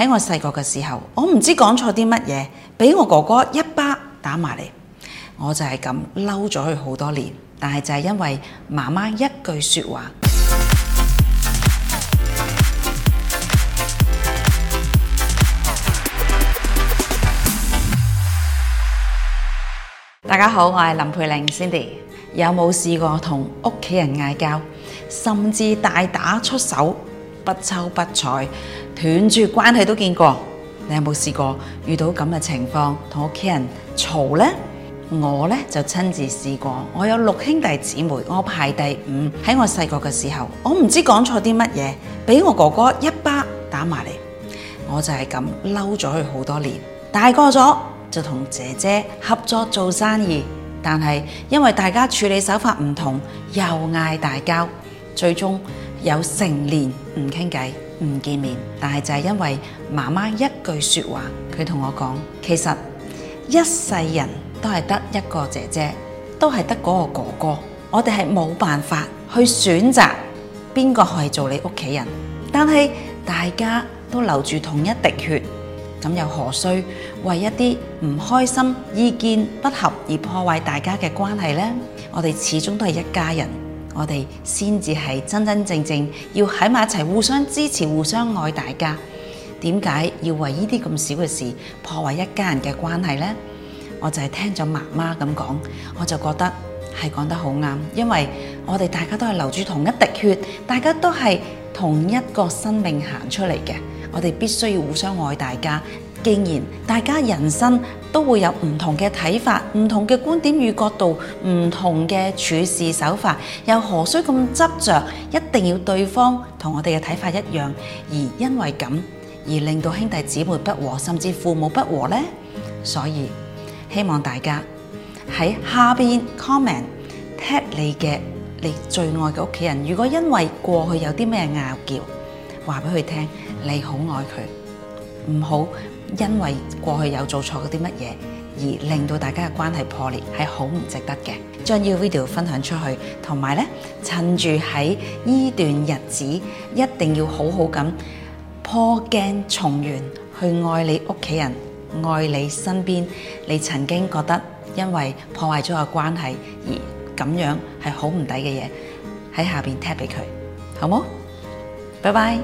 喺我細個嘅時候，我唔知講錯啲乜嘢，俾我哥哥一巴打埋嚟，我就係咁嬲咗佢好多年。但係就係因為媽媽一句說話。大家好，我係林佩玲 Cindy。 有冇試過同屋企人嗌交，甚至大打出手，不瞅不睬？斷絕關係都見過，你有冇試過遇到咁嘅情況，同屋企人嘈呢？我呢，就親自試過，我有六兄弟姊妹，我排第五。喺我細個嘅時候，我唔知講錯啲乜嘢，俾我哥哥一巴打埋嚟，我就係咁嬲咗佢好多年。大個咗就同姐姐合作做生意，但係因為大家處理手法唔同，又嗌大交，最終有成年唔傾偈，唔見面，但係就係因為媽媽一句說話，佢同我講，其實一世人都係得一個姐姐，都係得嗰個哥哥，我哋係冇辦法去選擇邊個可以做你屋企人，但係大家都流住同一滴血，咁又何須為一啲唔開心、意見不合而破壞大家嘅關係咧？我哋始終都係一家人。我哋先至係真真正正要喺埋一齊，互相支持，互相愛大家。點解要為呢啲咁小嘅事破壞一家人嘅關係呢？我就係聽咗媽媽咁講，我就覺得係講得好啱。因為我哋大家都係流住同一滴血，大家都係同一個生命行出嚟嘅，我哋必須要互相愛大家。既然大家人生都會有唔同嘅睇法、唔同嘅觀點與角度、唔同嘅處事手法，又何須咁執著一定要對方同我哋嘅睇法一樣？而因為咁而令到兄弟姊妹不和，甚至父母不和咧？所以希望大家喺下邊 commenttag 你嘅你最愛嘅屋企人。如果因為過去有啲咩拗撬，話俾佢聽，你好愛佢，唔好。因為過去有做錯嗰啲乜嘢，而令到大家嘅關係破裂，係好唔值得嘅。將呢個 video 分享出去，同埋咧，趁住喺呢段日子，一定要好好咁破鏡重圓，去愛你屋企人，愛你身邊，你曾經覺得因為破壞咗個關係而咁樣係好唔抵嘅嘢，喺下邊 tap 俾佢，好冇？拜拜。